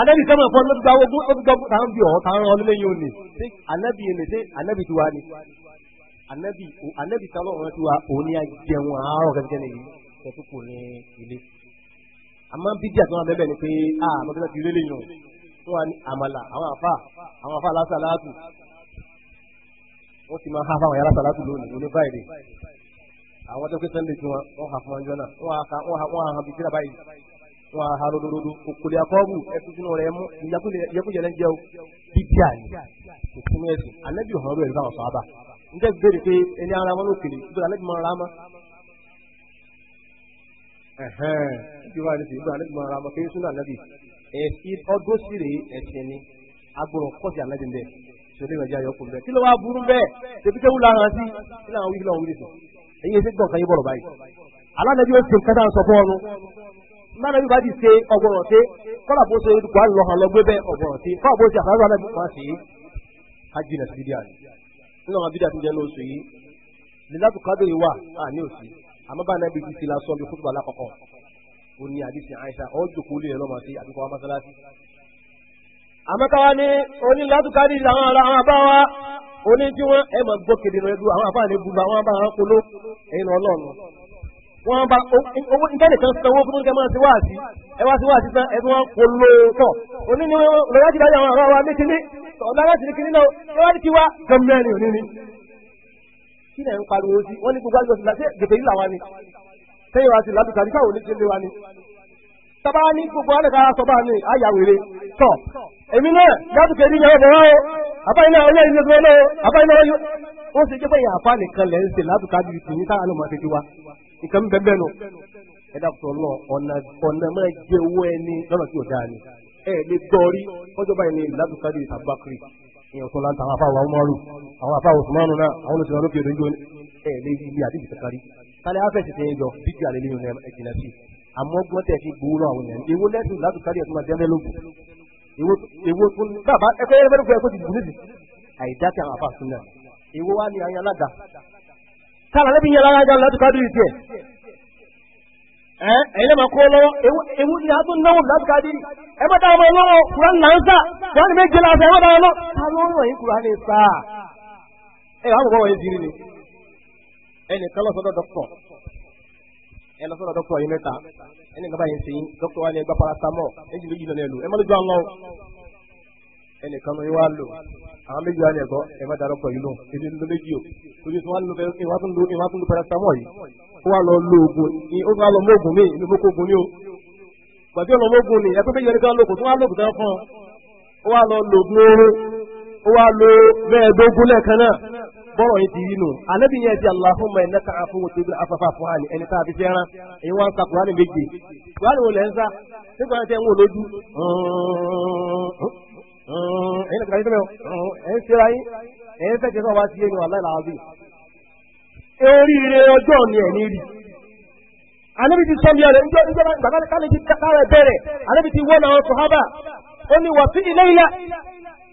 anabi kama fọnu lọ́dún gbàgbọ́ lọ́dún gbàgbọ́ tàn bí ọ̀hún tàn ọ̀hún lẹ́yìn òní ṣé anabi yẹn lè ṣe anabi tiwa ni anabi anabi tàn ọ̀hún tiwa òun ni a jẹun àárọ̀ gẹ́gẹ́ nìyí kẹ́tù kò ní ilé. àmọ́ bídíà tí wọ́n bẹ́ẹ̀ ni pé a mọ̀tẹ́lá ti rí lẹ́yìn òun wọ́n wà ní àmàlà àwọn àfa àwọn àfa aláṣà aláṣù wọ́n ti máa ha fáwọn yàrá sàlátù lónìí òní báyìí àwọn tó ń pè sunday tí wọn wọn hà fún wọn jọna wọn ha wọn bìí síra báyìí wọn hà rododo òkòlè akọ́bù ẹtù sínú rẹ mú ìyẹkùjẹ lẹ́ jẹ́ o bíbí àní kò sínú ẹ̀sìn alẹ́bí ọ̀hán rẹ̀ ń pé ẹni ara wọn lókèlè ìgbà alẹ́bí máa ṣẹlẹ ìrìnàjò ayọ kùn bẹ kí ló wá burú bẹ́ẹ̀ ṣèbí kéwù lára sí kí làwọn wí kí làwọn wí nìsọ èyí ẹsẹ gbọǹkan yín bọrọ báyìí alánàbí ó ṣe nǹkan tá à ń sọ fún ọnu nánàbí bá ti ṣe ọgbọràn ṣe kọlà bó ṣe kó àlọ lọ gbé bẹ ọgbọràn ṣe kọlà bó ṣe àfàlà bá lẹbi kan ṣe é sí bídíà ni nínú àwọn bídíà tó lóṣù yìí wà á ní òsì àmọ́ bá nàbí ti lásán àmọ́káwá ní onílàtúkárì àwọn ará àwọn abáwá oní tí wọ́n ẹ̀ máa gbọ́ kedere ẹ̀dùn àwọn afáàní gbùgbà àwọn abá wọn kolo ẹ̀yìn ọlọ́ọ̀nù. wọ́n bá owó ìkẹ́nìkan sanwó fún oúnjẹ máa ti wá àti ẹ wá sí wá àti tán ẹ̀dùn wọn kolo tọ̀ oní ni lọ́yà ti dájú àwọn ará wa ní kíní ọ̀dà láti ní kíní náà ẹ wá ní kí wá gọ́mìnrin òní ni. kí lẹ̀ ń pariwo tọ́ba ní gbogbo ọ̀nà ká sọ bá mi àyàwèrè tọ̀ èmi náà yàtọ̀ kẹ́rin yẹn ọ̀bọ̀ wáyé àbáyé náà ọlẹ́yìn ní ọdún náà àbáyé náà ó sì jẹ́ bẹ́yà àfa nìkan lẹ́ ń látùkà bíi tìyí táwọn ọmọ ti ti wa nǹkan ń bẹ́ẹ̀ nù. ẹ dàpọ̀ lọ ọ̀nà ọ̀nà máa jẹ owó ẹni lọ́nà tí ò dáa ni ẹ lè dọ́rí ọjọ́ báyìí ní látùkà bíi tàbákiri tó àmọ́ gbọ́n tẹ̀ fi gbowó lọ àwọn yẹn ewo lẹ́sìn láti kárí ẹ̀sùn máa jẹ́mẹ́ lógun ewo tó ní bàbá ẹgbẹ́ ẹgbẹ́ ẹgbẹ́ ẹgbẹ́ ti dùn níbi àìdá tí àwọn afa sun náà ewo wá ní ayé alága kára lẹ́bi yẹn alága láti kárí ìdí ẹ ẹ̀yin lẹ́mọ̀ kó lọ́wọ́ ni a tún náwó kárí ẹ bá ọmọ lọ́wọ́ ta ń ràn yín kúrán ní sá ẹ wà á ẹ lọ sọ́dọ̀ dọ́kítọ̀ yìí mẹ́ta ẹni nǹkan báyìí ń sìn dọ́kítọ̀ wa ni ẹgbà paracetamol ẹni méjì lọ́nà ẹlò ẹ má lójú àwọn o ẹnìkan ló wá lò àwọn méjì wá ní ẹ̀kọ́ ẹ má da dọ́kítọ̀ yìí lò èdè ló méjì o ojú tí wọ́n lò ìwà tó ń lo paracetamol yìí ó wà lọ lo oògùn ni ó wà lọ mọ oògùn mi ni mo kó oògùn mi o gbàdí ọ̀nà mọ oògùn ni ẹ̀kọ́ méjì ẹnìkan lò kò tún wá lò kò tán fún ọ ó wà lo oògùn oorun ó wà lo mẹ́ẹ̀ẹ́dógún lẹ́ẹ̀kan náà bọ́rọ̀ yìí ti rí nù ànábì yẹn ti Allahumma innaka afuwwun tuhibbul afwa fún àní ẹni tá a fi fi ẹran èyí wọn ka kùránì méje kùránì lẹ ń sá nígbà tí ẹ ń wò lójú yìí yín sọ́wọ́ ti yé bí. eríire ọjọ́ ni ẹ̀ ọ̀rẹ́ kálí ti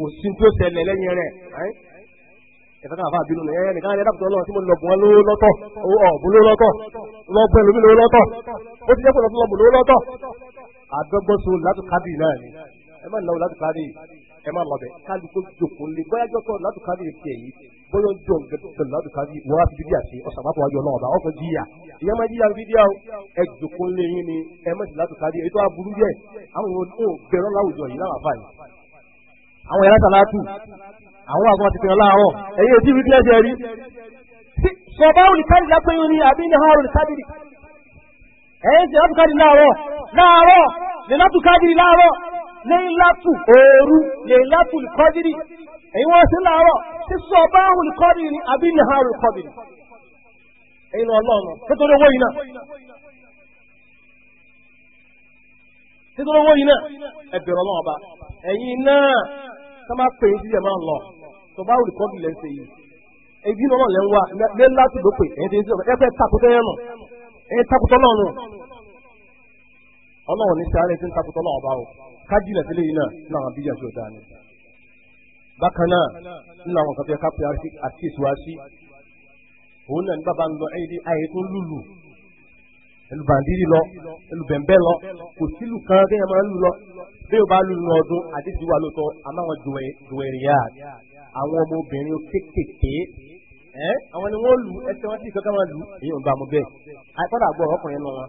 kò sí tó ṣẹlẹ̀ lẹ́yìn rẹ̀ ẹ̀fẹ́ káfà bínú ni ẹ̀yẹ́ nìkan ẹ̀dá pẹ̀lú ọ̀tí mo lọ bùn lówó lọ́tọ̀ ọ̀bùn lówó lọ́tọ̀ lọ́bùn ẹlòmí lówó lọ́tọ̀ ó ti jẹ́ pẹ̀lú ọ̀tún lọ́bùn lówó lọ́tọ̀ àdọ́gbọ́sọ látùkádì náà ni ẹ má lọ látùkádì ẹ má lọbẹ kálukó jòkó lé bóyá jọ́tọ̀ látùkádì ti ẹ̀ yìí bóyá jọ gẹ̀dọ̀ látùkádì wọ́n á fi bíbí àti ọ̀sàbàbọ̀ ayọ̀ náà ọ̀bà ọkọ̀ jìyà ìyá máa jìyà fídíò àwọn ẹ jòkó lé yín ni ẹ má ti látùkádì ètò àbúrú yẹ àwọn ò bẹ̀rọ̀ láwùjọ yìí láwàá báyìí. àwọn yàrá sàlátù àwọn àgbọn àti pèèyàn láàárọ̀ ẹ̀yìn ètí fi kílẹ̀ jẹ́ rí. sọ̀bá olùkárì lápẹ́yìn ní àbí ní hàn olùkárì ẹ̀yìn sì látùkárì láàárọ̀ láàárọ̀ lè látùkárì láàárọ̀ lè látù ooru lè látù olùkọ́dìrì ẹ̀yìn wọ́n sí Si sí sọ̀bá olùkọ́dìrì ní àbí ní owó yìí náà owó yìí náà ẹ̀bẹ̀rẹ̀ ẹ̀yìn náà sábà pè é sílẹ̀ máa ń lọ tó bá rìkọ́dù lẹ́ ṣe yìí ebi náà lẹ́ ń wá lé láti ló pè ẹ̀yìn tí ń sọ̀rọ̀ ẹ̀fẹ́ yẹn nù ẹ̀yìn takùtọ̀ náà nù ọlọ́run ní sáré tí ń takùtọ̀ náà ọba o kájí ilẹ̀ sílẹ̀ yìí náà ní àwọn tí bákan náà àwọn kan tó yẹ ká pè ìlú bàndírì lọ ìlú bẹ̀m̀bẹ̀ lọ kò sílù kan bẹ́ẹ̀ máa ń lù lọ bẹ́ẹ̀ bá lù nínú ọdún àdéhùn wà lóòótọ́ àmọ́ àwọn jùwẹ̀rìyà àwọn ọmọbìnrin kéékèèké ẹ́ àwọn ni wọ́n lù ẹsẹ̀ wọn sì kankan máa lù èyí ń bá mu bẹ́ẹ̀ àìkọ́dà gbọ́ ọkùnrin nù wọn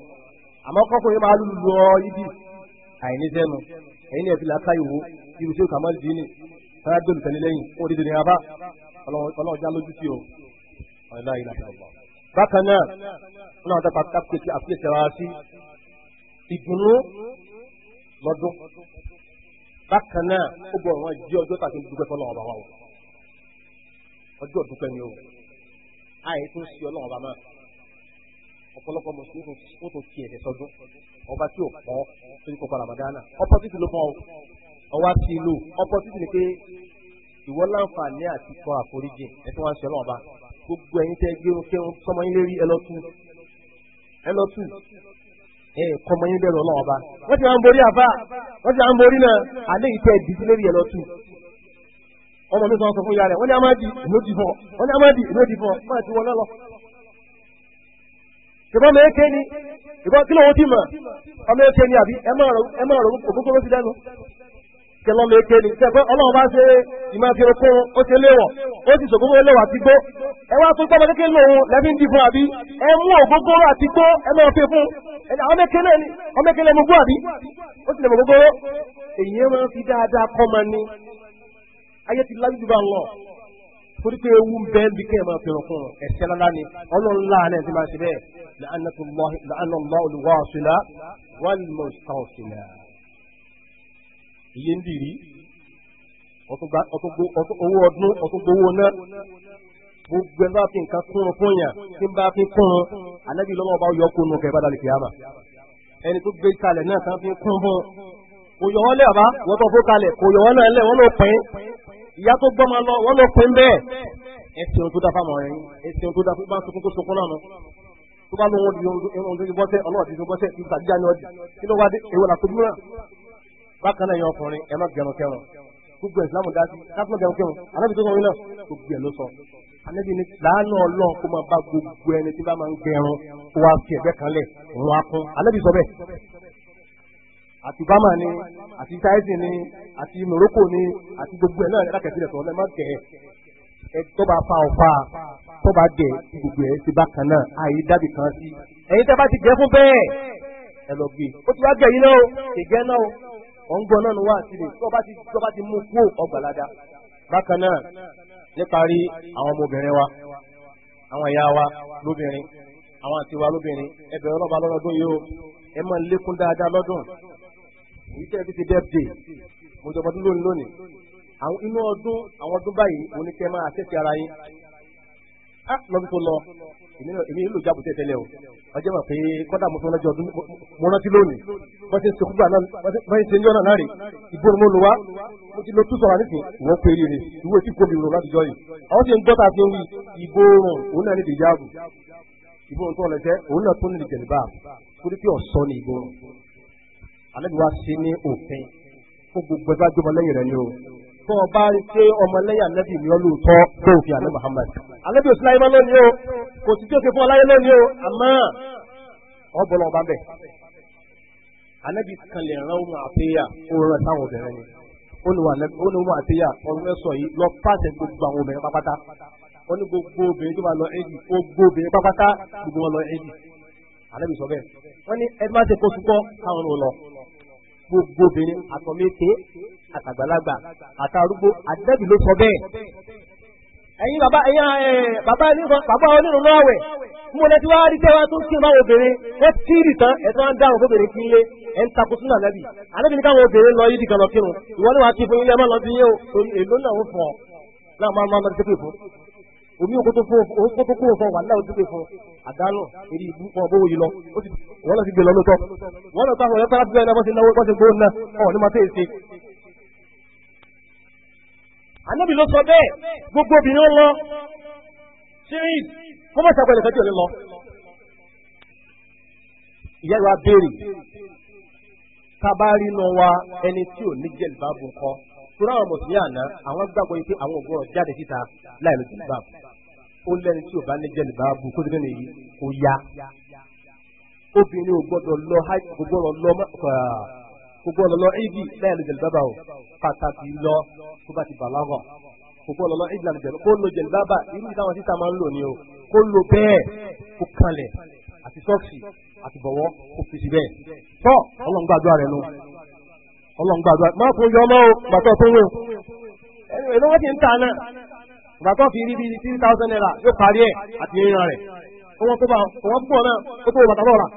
àmọ́ kọ́kùnrin máa lù lọ yídì àìníṣẹ́nu ẹ̀yin ẹ̀ fi làákà ìwò irú tí ó kà máa dì í sáyà gbẹ̀lù tẹ̀lé lẹ́yìn ó dídì ní abá ọlọ́run já lójú sí o ọ̀rẹ́lá bákan náà wọn àwọn dábàá kápẹ́tì àfihàn ara sí ìdùnnú lọ́dún bákan náà ó bọ̀ wọn jí ọjọ́ tàbí dúpẹ́ fọlọ́ ọba wa o ọjọ́ dúpẹ́ ni o àyè tó ń ṣe ọlọ́run ọba náà ọ̀pọ̀lọpọ̀ mùsùlùmí ó tún tiẹ̀ dẹ̀ sọdún ọba tí ò pọ̀ tó ń kópa ramadana ọpọ́títì ló pọ̀ ọwá tí ìlú ọpọ́títì ni pé ìwọ láǹfààní àti kọ́ àforíjì ẹ̀ tí wọ́n ń ṣe ọlọ́run ọba gbogbo ẹ̀yin tẹ gbérun kẹrun kọmọ yín lérí ẹ kọmọ yín bẹ̀rù ọlọ́wọ́ bá wọ́n ti máa ń borí àbá wọ́n ti máa ń borí náà àlẹ́ yìí tẹ́ dìbí lérí ẹlọ́tù ọmọ mi sọ fún amadi di ọ di ti wọlé lọ. ọmọ ni kí ti mọ̀ ọmọ ni àbí ẹ máa rọ kẹlọ́ lè ké ni tẹ́ pé ọlọ́run bá ṣe ìmọ̀ fi okun ó ṣe léwọ̀ ó sì ṣògbógbó léwọ̀ àti gbó ẹ wá tó tọ́mọ kékeré lòun lẹ́bí ń di fún àbí ẹ mú ògógóró àti gbó ẹ máa fi fún àwọn mẹ́kẹ́lẹ́ ni àwọn mẹ́kẹ́lẹ́ mú gbó àbí ó sì lè mọ̀ gógóró èyí ẹ máa ń fi dáadáa kọ́ máa ní ayé ti lájú bá lọ torí pé ewu ń bẹ́ẹ̀ bí kéèyàn máa fi rọ̀ fún ẹ̀ṣẹ̀ lálá ni ọlọ́run láàánú ẹ̀ iye ń dìrí owó ọdún ọtún gbowó náà gbogbo ẹgbẹ́ fi nǹkan kún un fún yàn tí ń bá fi kún un ànábì lọ́wọ́ bá yọ kó nu kẹ́ bàdàlì kìámà ẹni tó gbé kalẹ̀ náà tán fi kún fún kò yọ wọ́n lẹ̀ bá wọ́n tó fún kalẹ̀ kò yọ wọ́n náà lẹ̀ wọ́n ló pín ìyá tó gbọ́mọ lọ wọ́n ló pín bẹ́ẹ̀ ẹsẹ̀ tó dá fáwọn ọ̀rẹ́ ẹsẹ̀ tó dá fún bá sunkún tó sunkún náà tó bá lóun ọdún yóò bọ́sẹ̀ ọlọ́ọ̀dún yóò bọ́sẹ̀ ìgbàdíjà ni ọdún kí ló wá dé èwo bákan náà yẹn ọkùnrin ẹ má gẹrun kẹrun gbogbo ìsìlámù dá sí káfíńà gẹrun kẹrun anábì tó sọ wọn náà gbogbo ẹ ló sọ anábì ní láàánú ọlọ́run kó máa bá gbogbo ẹni tí bá máa ń gẹrun kó wá fi ẹ̀gbẹ́ kan lẹ̀ wọn á kún anábì sọ bẹ́ẹ̀ àti bama ni àti taisi ni àti morocco ni àti gbogbo ẹ náà ẹ lákàtí rẹ sọ ẹ má gẹ ẹ tọba fa ọfa tọba gẹ ti gbogbo ẹ ti bákan náà àyè dábì kan sí ẹ̀yin tẹ bá ti gẹ fún bẹ́ẹ̀ ẹ lọ gbé ó ti wá gẹ yín náà o kì gẹ náà o ọ̀ngbọ́n náà ni wà á ti ti mú kú ọgbàládá. bákan náà níparí àwọn ọmọbìnrin wa àwọn ìyá wa lóbìnrin àwọn àtiwá lóbìnrin ẹbẹ̀ ọlọ́ba lọ́dún yìí ó ẹ máa lékún dáadáa lọ́dún èyí tẹ́ fi ti dẹ́pẹ̀ mo jọ ọdún lónìí lónìí inú ọdún àwọn ọdún báyìí mo ní kẹ́ máa àtẹ́tẹ́ ara yín á lọ́bi tó lọ èmi ìlú ìjábù tẹ̀ tẹ́lẹ̀ o ọjọ́ mọ̀ pé kọ́dà mo fún ọlọ́jọ́ ọdún mo rántí lónìí wọ́n ti ń sọkúgbà náà wọ́n ti ń jọ́nà náà rè ìgbóhùn mo lò wá mo ti lọ tú sọ̀rọ̀ nísìn ìwọ́n pé rí ni ìwé tí kò bìrò láti jọ yìí àwọn ti ń gbọ́ta fi ń wí ìgbóhùn òun náà ní ìjábù ìgbóhùn tó lẹ́jẹ́ òun náà tó ní ìjẹ̀lẹ̀bá torí pé ọ̀sọ́ ni ìgbóhùn alẹ́ bí wá sí ní òfin fún gbogbo ẹgbẹ́ àjọmọlẹ́yìn rẹ ni o tó o bá rí pé ọmọlẹ́yà nẹ́bì ni ọlọ́ọ̀tọ́ tó òfin àlẹ́ Muhammad. alẹ́ bí o síláyé máa lónìí o kò sí tí o ṣe fún ọláyé lónìí o àmọ́ ọ bọ̀ bẹ̀. anẹ́bí kan lè rán ohun àtẹ́yà òórùn ẹ̀sáwọn obìnrin ni ó ní ohun àtẹ́yà ọ̀run ẹ̀sọ̀ yìí lọ pàṣẹ gbogbo àwọn obìnrin pápátá ó ní gbogbo obìnrin tó bá lọ ẹ̀dì gbogbo obìnrin pápátá gbogbo wọn lọ ẹ̀dì anẹ́bí sọ bẹ́ẹ̀ wọ́n ní ẹ gbogbo obìnrin àtọ̀mẹ́tẹ́ àtàgbàlagbà àtàrúgbó àdẹ́bì ló sọ bẹ́ẹ̀. ẹ̀yin bàbá ẹ̀yin bàbá bàbá onírun náà wẹ̀ mo lẹ́tí wá rí tẹ́wá tó ń kí máa obìnrin wọ́n tí ì tán ẹ̀tọ́ ń dáhùn fóbìnrin kí ilé ẹ̀ ń takò sínú ànábì ànábì ní káwọn obìnrin lọ yídì kan lọ kírun ìwọ ni wàá ti fún ilé ẹ má lọ sí yín o èlò náà ń fọ náà máa omi òkótó fún òkótó kúrò fún wàhálà ojúgbè fún àdánù èyí ìlú fún ọgbọ́n òyìn lọ wọ́n lọ sí gbé lọ lóòótọ́ wọ́n lọ táwọn ọ̀yọ́tà bí ẹni bọ́sẹ̀ náwó bọ́sẹ̀ gbóhùn náà ọ̀ ní máa tẹ̀ ṣe. ànábì ló sọ bẹ́ẹ̀ gbogbo obìnrin lọ sírì wọ́n mọ̀ sàpẹ̀lẹ̀ fẹ́jọ́ lé lọ. ìyá ìwà béèrè tábàárínú wa ẹni tí ò ní jẹ̀lbáàbù nǹkan tura àwọn mùsùlùmí àná àwọn gbàgbọ́ yìí pé àwọn ògbọ́n jáde síta láì lo jìlìbáàbù ó lẹ́ni tí ò bá ní jìlìbáàbù kó dégé nìyí kó yá obìnrin ò gbọ́dọ̀ lọ hajj kò gbọ́dọ̀ lọ kò gbọ́dọ̀ lọ ibi láì lo jìlìbáàbù pàtàkì lọ kó bá ti bàlágà kò gbọ́dọ̀ lọ ibi láì lo jìlìbáàbù kó lo jìlìbáàbù máa ń lò ní o kó lo bẹ́ẹ̀ kó kanlẹ̀ àti sọ́ọ̀sì àti bọ̀wọ́ kó fi sí bẹ́ẹ̀ tọ́ ọlọ́ngbàdúrà rẹ̀ nù ọlọ́ngbàdúrà má fún yọ ọmọ o gbàtọ́ tó wò ẹni wọ́n ti ń ta náà gbàtọ́ fi rí bíi three thousand naira yóò parí ẹ̀ àti yíyan rẹ̀ wọ́n tó bá wọ́n pọ̀ náà ó tó bàtà bọ̀ ra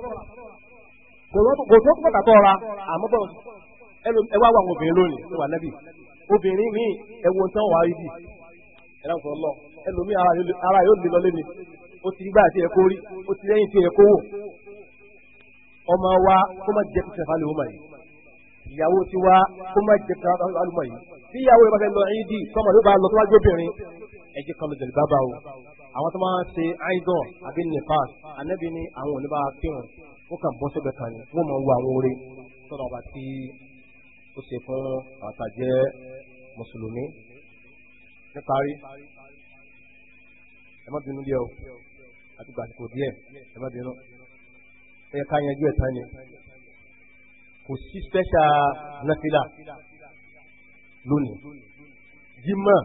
kò tó bàtà bọ̀ ra àmọ́ bọ̀ ẹ wá wà wọn obìnrin lónìí ló wà lẹ́bí obìnrin míì ẹ wo tán wà á rí bì ẹ náà sọ̀rọ̀ lọ ẹlòmíì ara yóò lè lọ lé mi ó ti gbà tí ẹ kó rí ó ti lẹ́yìn tí ẹ kó wò ọmọ wa kó má jẹ́ kó sẹ̀fà lè wọ́n mà yìí ìyàwó ti wá kó má jẹ ká alùmọ̀ yìí tí ìyàwó yìí bá fẹ́ lọ ìdí tọmọ ló bá lọ tó wá jóbìnrin ẹ̀jẹ̀ kan lọ jẹ̀lú bábà o àwọn tó máa ń ṣe àìdán àbí nepal anábì ní àwọn òní bá kírun ó kàn bọ́ sẹ́gbẹ̀ẹ́ kan ni wọ́n máa ń wo àwọn oore tọ́nà ọba tí ó ṣe fún àtàjẹ́ mùsùlùmí níparí ẹ má bínú díẹ̀ o àti gbàdúgbò díẹ̀ ẹ má bínú ẹ ká yanjú ẹ̀ tán ni kò sí special nafila lónìí jimá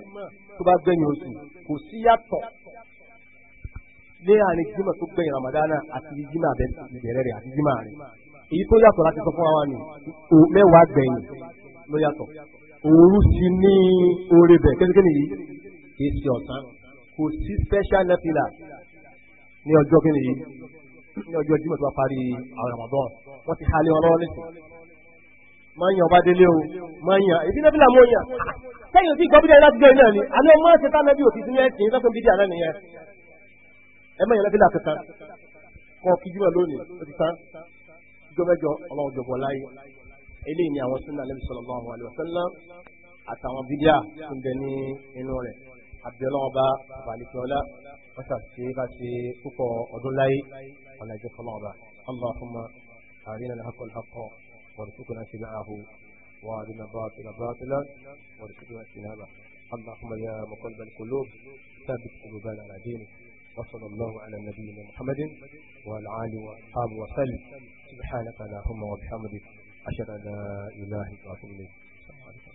tó bá gbẹ̀yìn oṣù kò sí yàtọ̀ ní àárín jimá tó gbẹ̀yìn ramadana àti jimá bẹ̀rẹ̀ rẹ̀ àti jimá rẹ̀ èyí tó yàtọ̀ láti sọ fún wa ni mẹ́wàá gbẹ̀yìn ló yàtọ̀ òru sí ní oore bẹ̀ kẹ́síkẹ́ nìyí kò sí special nafila ní ọjọ́ kẹ́ni yìí ní ọjọ́ Jímọ̀ tó bá parí àwọn Ramadan wọ́n ti halẹ̀ ọlọ́wọ́ nísìn máa ń yan ọba délé o máa ń yan èdè nàbílà mọ́ yàn sẹ́yìn òtí gbọ́ bí dáná gbé náà ni àná ọmọ ẹ̀sẹ̀ tá nàbí òtí sínú ẹ̀sìn lọ́sọ̀ bídí àná nìyẹn ẹ má yan nàbílà kankan kọ́ kí Jímọ̀ lónìí ó ti tán jọmẹjọ ọlọ́run jọ̀bọ̀ láyé eléyìí ni àwọn sunnah Nabi sallallahu alaihi wasallam àtàwọn bídíà ń bẹ ní inú rẹ̀ abdulọ́ba balikọ́lá wọ́n ṣe bá ṣe púpọ̀ ọdún láyé ọ̀nà ìjọ fọlọ́ba allahumma arina alhaqa alhaqa warzuqna tibahu wa arina batila batila warzuqna tinaba اللهم يا مقلب القلوب ثبت قلوبنا على دينك وصلى الله على نبينا محمد وعلى اله واصحابه وسلم سبحانك اللهم وبحمدك اشهد ان لا اله الا انت